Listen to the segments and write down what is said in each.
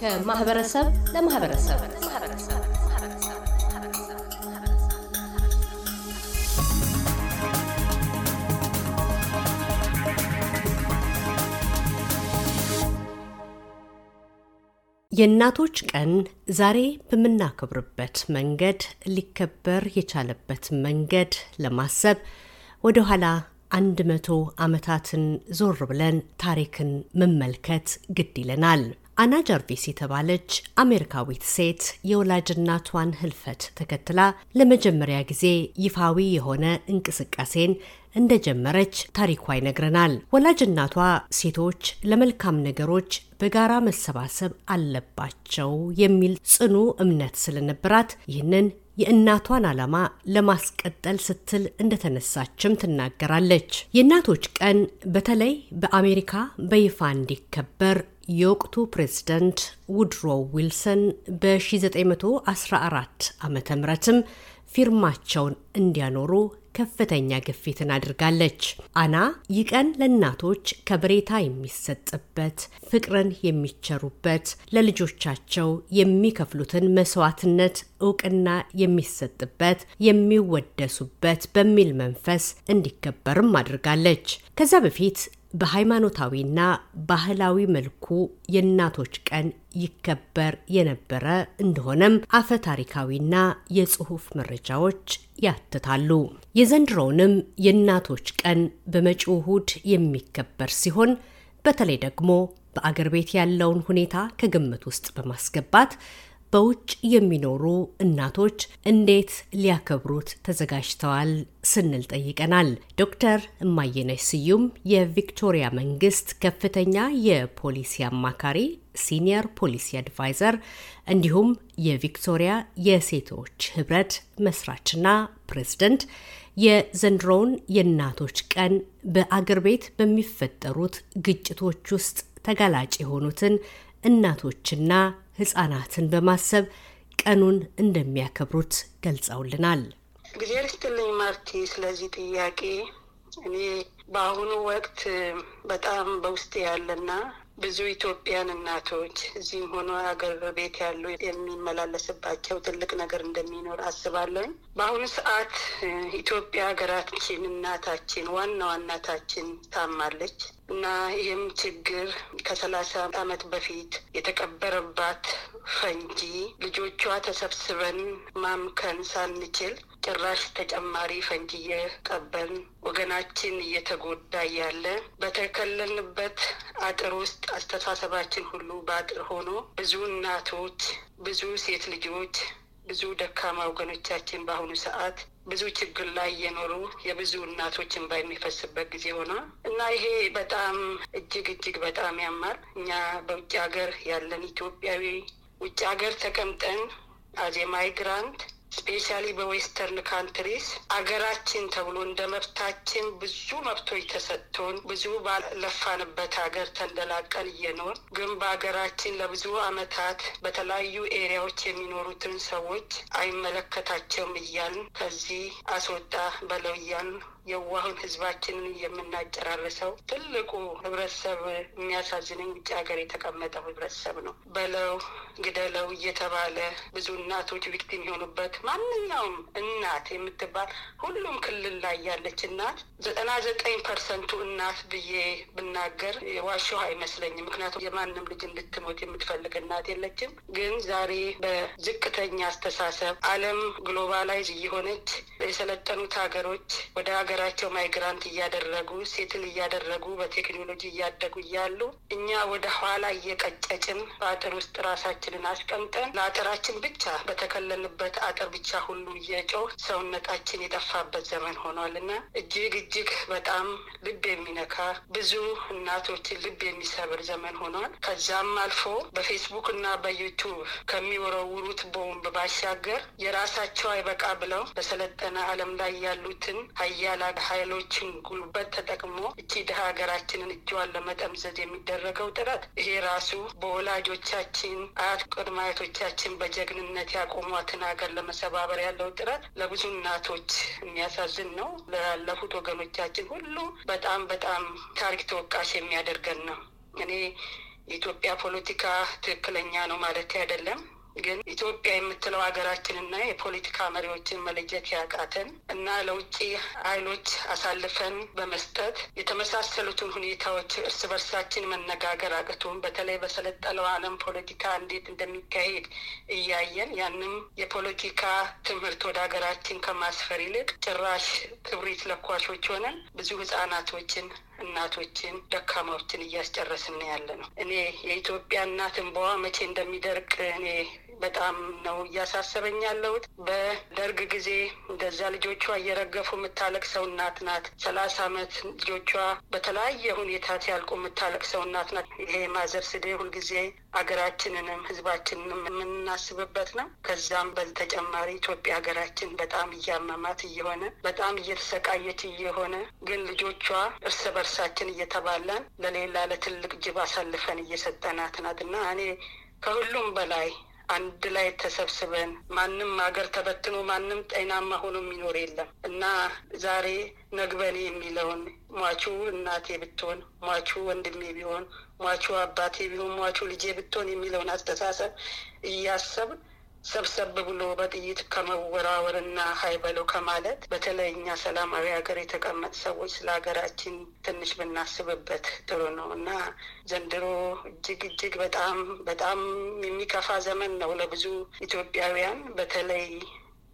ከማህበረሰብ ለማህበረሰብ የእናቶች ቀን ዛሬ በምናከብርበት መንገድ ሊከበር የቻለበት መንገድ ለማሰብ ወደ ኋላ አንድ መቶ ዓመታትን ዞር ብለን ታሪክን መመልከት ግድ ይለናል። አና ጃርቪስ የተባለች አሜሪካዊት ሴት የወላጅናቷን ህልፈት ተከትላ ለመጀመሪያ ጊዜ ይፋዊ የሆነ እንቅስቃሴን እንደጀመረች ታሪኳ ይነግረናል። ወላጅናቷ ሴቶች ለመልካም ነገሮች በጋራ መሰባሰብ አለባቸው የሚል ጽኑ እምነት ስለነበራት ይህንን የእናቷን ዓላማ ለማስቀጠል ስትል እንደተነሳችም ትናገራለች። የእናቶች ቀን በተለይ በአሜሪካ በይፋ እንዲከበር የወቅቱ ፕሬዝደንት ውድሮ ዊልሰን በ1914 ዓ ምትም ፊርማቸውን እንዲያኖሩ ከፍተኛ ግፊትን አድርጋለች። አና ይህ ቀን ለእናቶች ከበሬታ የሚሰጥበት፣ ፍቅርን የሚቸሩበት፣ ለልጆቻቸው የሚከፍሉትን መስዋዕትነት እውቅና የሚሰጥበት፣ የሚወደሱበት በሚል መንፈስ እንዲከበርም አድርጋለች። ከዚያ በፊት በሃይማኖታዊና ባህላዊ መልኩ የእናቶች ቀን ይከበር የነበረ እንደሆነም አፈ ታሪካዊና የጽሑፍ መረጃዎች ያትታሉ። የዘንድሮውንም የእናቶች ቀን በመጪው እሁድ የሚከበር ሲሆን በተለይ ደግሞ በአገር ቤት ያለውን ሁኔታ ከግምት ውስጥ በማስገባት በውጭ የሚኖሩ እናቶች እንዴት ሊያከብሩት ተዘጋጅተዋል ስንል ጠይቀናል። ዶክተር እማየነሽ ስዩም የቪክቶሪያ መንግስት ከፍተኛ የፖሊሲ አማካሪ ሲኒየር ፖሊሲ አድቫይዘር እንዲሁም የቪክቶሪያ የሴቶች ህብረት መስራችና ፕሬዝደንት የዘንድሮውን የእናቶች ቀን በአገር ቤት በሚፈጠሩት ግጭቶች ውስጥ ተጋላጭ የሆኑትን እናቶችና ህጻናትን በማሰብ ቀኑን እንደሚያከብሩት ገልጸውልናል። እግዚአብሔር ይስጥልኝ ማርቲ፣ ስለዚህ ጥያቄ እኔ በአሁኑ ወቅት በጣም በውስጥ ያለና ብዙ ኢትዮጵያን እናቶች እዚህም ሆኖ ሀገር ቤት ያሉ የሚመላለስባቸው ትልቅ ነገር እንደሚኖር አስባለሁ። በአሁኑ ሰዓት ኢትዮጵያ ሀገራችን እናታችን ዋናዋ እናታችን ታማለች። እና ይህም ችግር ከሰላሳ ዓመት በፊት የተቀበረባት ፈንጂ ልጆቿ ተሰብስበን ማምከን ሳንችል ጭራሽ ተጨማሪ ፈንጂ እየቀበን ወገናችን እየተጎዳ ያለ በተከለልንበት አጥር ውስጥ አስተሳሰባችን ሁሉ በአጥር ሆኖ ብዙ እናቶች፣ ብዙ ሴት ልጆች፣ ብዙ ደካማ ወገኖቻችን በአሁኑ ሰዓት ብዙ ችግር ላይ የኖሩ የብዙ እናቶች እንባ የሚፈስበት ጊዜ ሆኗ እና ይሄ በጣም እጅግ እጅግ በጣም ያማር። እኛ በውጭ ሀገር ያለን ኢትዮጵያዊ ውጭ ሀገር ተቀምጠን አዜ ግራንት። ስፔሻሊ በዌስተርን ካንትሪስ አገራችን ተብሎ እንደ መብታችን ብዙ መብቶች ተሰጥቶን ብዙ ባለፋንበት ሀገር ተንደላቀን እየኖር ግን በሀገራችን ለብዙ አመታት በተለያዩ ኤሪያዎች የሚኖሩትን ሰዎች አይመለከታቸውም እያልን ከዚህ አስወጣ በለው እያልን የዋሁን ህዝባችንን የምናጨራርሰው ትልቁ ህብረተሰብ የሚያሳዝነኝ ውጭ ሀገር የተቀመጠው ህብረተሰብ ነው። በለው ግደለው እየተባለ ብዙ እናቶች ቪክቲም የሆኑበት ማንኛውም እናት የምትባል ሁሉም ክልል ላይ ያለች እናት ዘጠና ዘጠኝ ፐርሰንቱ እናት ብዬ ብናገር ዋሸሁ አይመስለኝም። ምክንያቱም የማንም ልጅ እንድትሞት የምትፈልግ እናት የለችም። ግን ዛሬ በዝቅተኛ አስተሳሰብ አለም ግሎባላይዝ እየሆነች የሰለጠኑት ሀገሮች ወደ ሀገራቸው ማይግራንት እያደረጉ ሴትል እያደረጉ በቴክኖሎጂ እያደጉ እያሉ እኛ ወደ ኋላ እየቀጨጭን በአጥር ውስጥ ራሳችንን አስቀምጠን ለአጥራችን ብቻ በተከለንበት አጥር ብቻ ሁሉ እየጮህ ሰውነታችን የጠፋበት ዘመን ሆኗል እና እጅግ እጅግ በጣም ልብ የሚነካ ብዙ እናቶችን ልብ የሚሰብር ዘመን ሆኗል። ከዛም አልፎ በፌስቡክ እና በዩቱብ ከሚወረውሩት ቦምብ ባሻገር የራሳቸው አይበቃ ብለው በሰለጠ በፈተና ዓለም ላይ ያሉትን ሀያላን ሀይሎችን ጉልበት ተጠቅሞ እቺ ድሀ ሀገራችንን እጅዋን ለመጠምዘዝ የሚደረገው ጥረት ይሄ ራሱ በወላጆቻችን አያት ቅድመ አያቶቻችን በጀግንነት ያቆሟትን ሀገር ለመሰባበር ያለው ጥረት ለብዙ እናቶች የሚያሳዝን ነው። ላለፉት ወገኖቻችን ሁሉ በጣም በጣም ታሪክ ተወቃሽ የሚያደርገን ነው። እኔ የኢትዮጵያ ፖለቲካ ትክክለኛ ነው ማለት አይደለም። ግን ኢትዮጵያ የምትለው ሀገራችንና የፖለቲካ መሪዎችን መለየት ያቃተን እና ለውጭ ኃይሎች አሳልፈን በመስጠት የተመሳሰሉትን ሁኔታዎች እርስ በርሳችን መነጋገር አቅቱን በተለይ በሰለጠለው ዓለም ፖለቲካ እንዴት እንደሚካሄድ እያየን ያንም የፖለቲካ ትምህርት ወደ ሀገራችን ከማስፈር ይልቅ ጭራሽ ክብሪት ለኳሾች ሆነን ብዙ ህጻናቶችን እናቶችን ደካማዎችን እያስጨረስን ያለ ነው። እኔ የኢትዮጵያ እናት እንባዋ መቼ እንደሚደርቅ እኔ በጣም ነው እያሳሰበኝ ያለሁት። በደርግ ጊዜ እንደዛ ልጆቿ እየረገፉ የምታለቅሰው እናት ናት። ሰላሳ አመት ልጆቿ በተለያየ ሁኔታ ሲያልቁ የምታለቅ ሰው እናት ናት። ይሄ ማዘር ስዴ ሁልጊዜ ሀገራችንንም ህዝባችንንም የምናስብበት ነው። ከዛም በተጨማሪ ኢትዮጵያ ሀገራችን በጣም እያመማት እየሆነ በጣም እየተሰቃየች እየሆነ ግን ልጆቿ እርስ በርሳችን እየተባላን ለሌላ ለትልቅ ጅብ አሳልፈን እየሰጠናት ናት እና እኔ ከሁሉም በላይ አንድ ላይ ተሰብስበን ማንም ሀገር ተበትኖ ማንም ጤናማ ሆኖ የሚኖር የለም እና ዛሬ ነግበኔ የሚለውን ሟቹ እናቴ ብትሆን፣ ሟቹ ወንድሜ ቢሆን፣ ሟቹ አባቴ ቢሆን፣ ሟቹ ልጄ ብትሆን የሚለውን አስተሳሰብ እያሰብን ሰብሰብ ብሎ በጥይት ከመወራወርና ሀይ በለው ከማለት በተለይ እኛ ሰላማዊ ሀገር የተቀመጥ ሰዎች ስለ ሀገራችን ትንሽ ብናስብበት ጥሩ ነው እና ዘንድሮ እጅግ እጅግ በጣም በጣም የሚከፋ ዘመን ነው ለብዙ ኢትዮጵያውያን በተለይ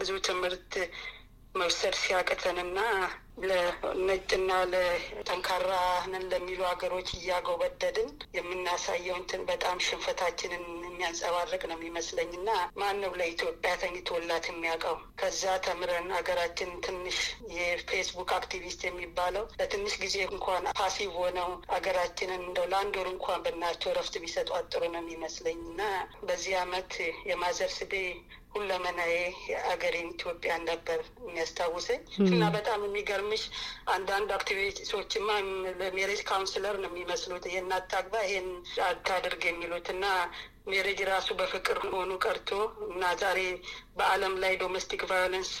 ብዙ ትምህርት መውሰድ ሲያቅተንና ለነጭና ለጠንካራ ነን ለሚሉ ሀገሮች እያጎበደድን የምናሳየው እንትን በጣም ሽንፈታችንን የሚያንጸባርቅ ነው የሚመስለኝ እና ማን ነው ለኢትዮጵያ ተኝቶላት የሚያውቀው? ከዛ ተምረን ሀገራችን ትንሽ የፌስቡክ አክቲቪስት የሚባለው ለትንሽ ጊዜ እንኳን ፓሲቭ ሆነው ሀገራችንን እንደው ለአንድ ወር እንኳን ብናቸው ረፍት ቢሰጧት ጥሩ ነው የሚመስለኝ እና በዚህ አመት የማዘር ዴይ ሁለመናዬ አገሬን ኢትዮጵያ ነበር የሚያስታውሰኝ እና በጣም የሚገርምሽ አንዳንድ አክቲቪስቶችማ ለሜሬጅ ካውንስለር ነው የሚመስሉት የእናት አግባ ይሄን አታድርግ የሚሉት እና ሜሬጅ ራሱ በፍቅር ሆኑ ቀርቶ እና ዛሬ በዓለም ላይ ዶሜስቲክ ቫዮለንስ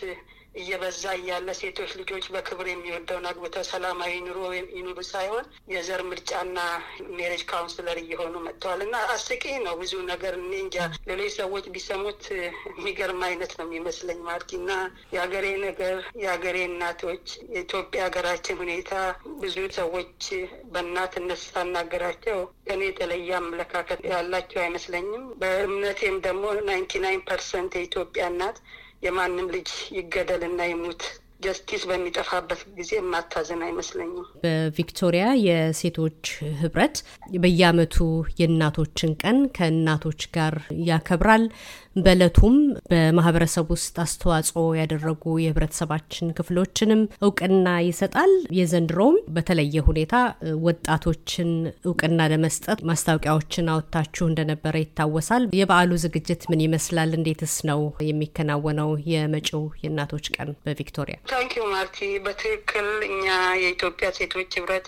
እየበዛ እያለ ሴቶች ልጆች በክብር የሚወደውን አግብተው ሰላማዊ ኑሮ ይኑሩ ሳይሆን የዘር ምርጫና ሜሬጅ ካውንስለር እየሆኑ መጥተዋል እና አስቂኝ ነው ብዙ ነገር እኔ እንጃ ሌሎች ሰዎች ቢሰሙት የሚገርም አይነት ነው የሚመስለኝ ማርቲ እና የሀገሬ ነገር የሀገሬ እናቶች የኢትዮጵያ ሀገራችን ሁኔታ ብዙ ሰዎች በእናትነት ሳናገራቸው እኔ የተለየ አመለካከት ያላቸው አይመስለኝም በእምነቴም ደግሞ ናይንቲ ናይን ፐርሰንት የኢትዮጵያ እናት የማንም ልጅ ይገደልና ይሙት ጀስቲስ በሚጠፋበት ጊዜ የማታዘን አይመስለኝም። በቪክቶሪያ የሴቶች ህብረት በየአመቱ የእናቶችን ቀን ከእናቶች ጋር ያከብራል። በእለቱም በማህበረሰብ ውስጥ አስተዋጽኦ ያደረጉ የህብረተሰባችን ክፍሎችንም እውቅና ይሰጣል። የዘንድሮውም በተለየ ሁኔታ ወጣቶችን እውቅና ለመስጠት ማስታወቂያዎችን አወጥታችሁ እንደነበረ ይታወሳል። የበዓሉ ዝግጅት ምን ይመስላል? እንዴትስ ነው የሚከናወነው? የመጪው የእናቶች ቀን በቪክቶሪያ ታንኪዩ ማርቲ። በትክክል እኛ የኢትዮጵያ ሴቶች ህብረት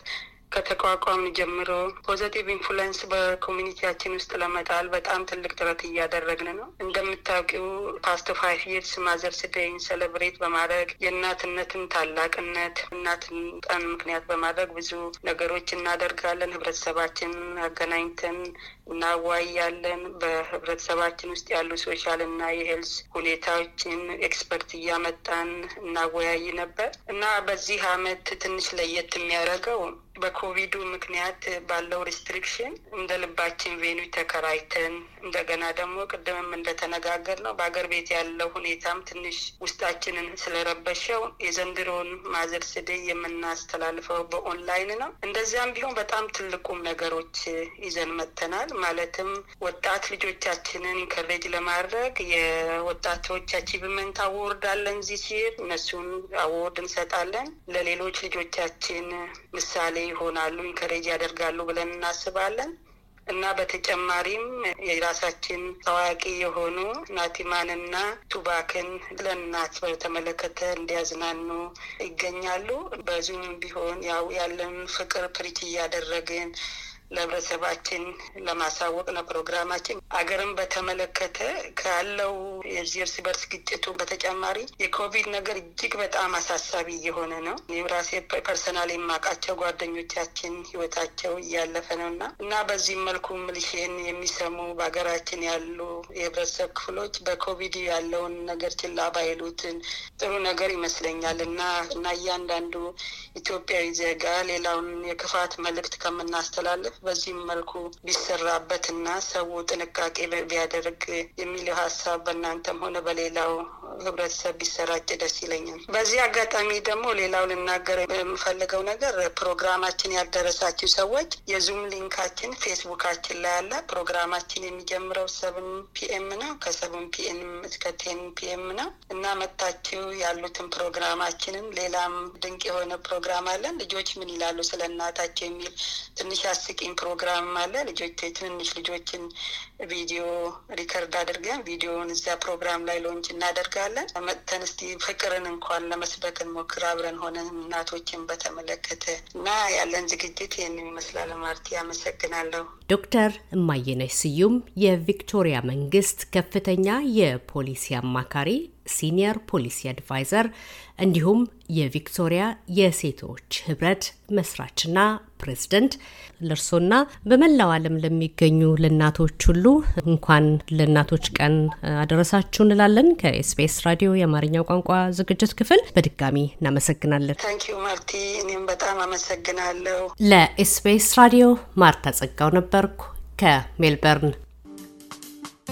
ከተቋቋም ጀምሮ ፖዘቲቭ ኢንፍሉዌንስ በኮሚኒቲያችን ውስጥ ለመጣል በጣም ትልቅ ጥረት እያደረግን ነው። እንደምታውቂው ፓስት ፋይቭ ይርስ ማዘርስ ዴይን ሰለብሬት በማድረግ የእናትነትን ታላቅነት እናትን ቀን ምክንያት በማድረግ ብዙ ነገሮች እናደርጋለን። ህብረተሰባችን አገናኝተን እናዋያለን። በህብረተሰባችን ውስጥ ያሉ ሶሻል እና የሄልዝ ሁኔታዎችን ኤክስፐርት እያመጣን እናወያይ ነበር እና በዚህ አመት ትንሽ ለየት የሚያደርገው በኮቪዱ ምክንያት ባለው ሪስትሪክሽን እንደ ልባችን ቬኑ ተከራይተን እንደገና ደግሞ ቅድምም እንደተነጋገር ነው በሀገር ቤት ያለው ሁኔታም ትንሽ ውስጣችንን ስለረበሸው የዘንድሮውን ማዘር ስደይ የምናስተላልፈው በኦንላይን ነው። እንደዚያም ቢሆን በጣም ትልቁም ነገሮች ይዘን መጥተናል። ማለትም ወጣት ልጆቻችንን ኢንከሬጅ ለማድረግ የወጣቶች አቺቭመንት አዎርድ አለን ዚህ ሲል እነሱን አዎርድ እንሰጣለን። ለሌሎች ልጆቻችን ምሳሌ ይሆናሉ፣ ኢንከሬጅ ያደርጋሉ ብለን እናስባለን እና በተጨማሪም የራሳችን ታዋቂ የሆኑ ናቲማን ናቲማንና ቱባክን ለእናት በተመለከተ እንዲያዝናኑ ይገኛሉ። በዙም ቢሆን ያው ያለን ፍቅር ፕሪች እያደረግን ለህብረተሰባችን ለማሳወቅ ነው ፕሮግራማችን። አገርን በተመለከተ ካለው የዚህ እርስ በርስ ግጭቱ በተጨማሪ የኮቪድ ነገር እጅግ በጣም አሳሳቢ እየሆነ ነው። ራሴ ፐርሰናል የማውቃቸው ጓደኞቻችን ህይወታቸው እያለፈ ነው እና እና በዚህም መልኩ ምልሽን የሚሰሙ በሀገራችን ያሉ የህብረተሰብ ክፍሎች በኮቪድ ያለውን ነገር ችላ ባይሉትን ጥሩ ነገር ይመስለኛል እና እና እያንዳንዱ ኢትዮጵያዊ ዜጋ ሌላውን የክፋት መልእክት ከምናስተላልፍ በዚህም መልኩ ቢሰራበት እና ሰው ጥንቃ ጥንቃቄ ቢያደርግ የሚለው ሀሳብ በእናንተም ሆነ በሌላው ህብረተሰብ ቢሰራጭ ደስ ይለኛል። በዚህ አጋጣሚ ደግሞ ሌላው ልናገር የምፈልገው ነገር ፕሮግራማችን ያደረሳችሁ ሰዎች የዙም ሊንካችን ፌስቡካችን ላይ አለ። ፕሮግራማችን የሚጀምረው ሰብን ፒኤም ነው ከሰብን ፒኤም እስከ ቴን ፒኤም ነው እና መታችሁ ያሉትን ፕሮግራማችንን ሌላም ድንቅ የሆነ ፕሮግራም አለን። ልጆች ምን ይላሉ ስለ እናታቸው የሚል ትንሽ አስቂኝ ፕሮግራም አለ። ልጆች ትንንሽ ልጆችን ቪዲዮ ሪከርድ አድርገን ቪዲዮውን እዚያ ፕሮግራም ላይ ሎንች እናደርገ እናደርጋለን። መጥተን እስቲ ፍቅርን እንኳን ለመስበክ እንሞክር አብረን ሆነን እናቶችን በተመለከተ እና ያለን ዝግጅት ይህንን ይመስላል። ማርቲ አመሰግናለሁ። ዶክተር እማየነሽ ስዩም የቪክቶሪያ መንግስት ከፍተኛ የፖሊሲ አማካሪ ሲኒየር ፖሊሲ አድቫይዘር እንዲሁም የቪክቶሪያ የሴቶች ህብረት መስራችና ፕሬዝደንት። ለእርሶና በመላው ዓለም ለሚገኙ ለእናቶች ሁሉ እንኳን ለእናቶች ቀን አደረሳችሁ እንላለን። ከኤስቢኤስ ራዲዮ የአማርኛው ቋንቋ ዝግጅት ክፍል በድጋሚ እናመሰግናለን። ማርቲ፣ እኔም በጣም አመሰግናለሁ። ለኤስቢኤስ ራዲዮ ማርታ ጸጋው ነበርኩ ከሜልበርን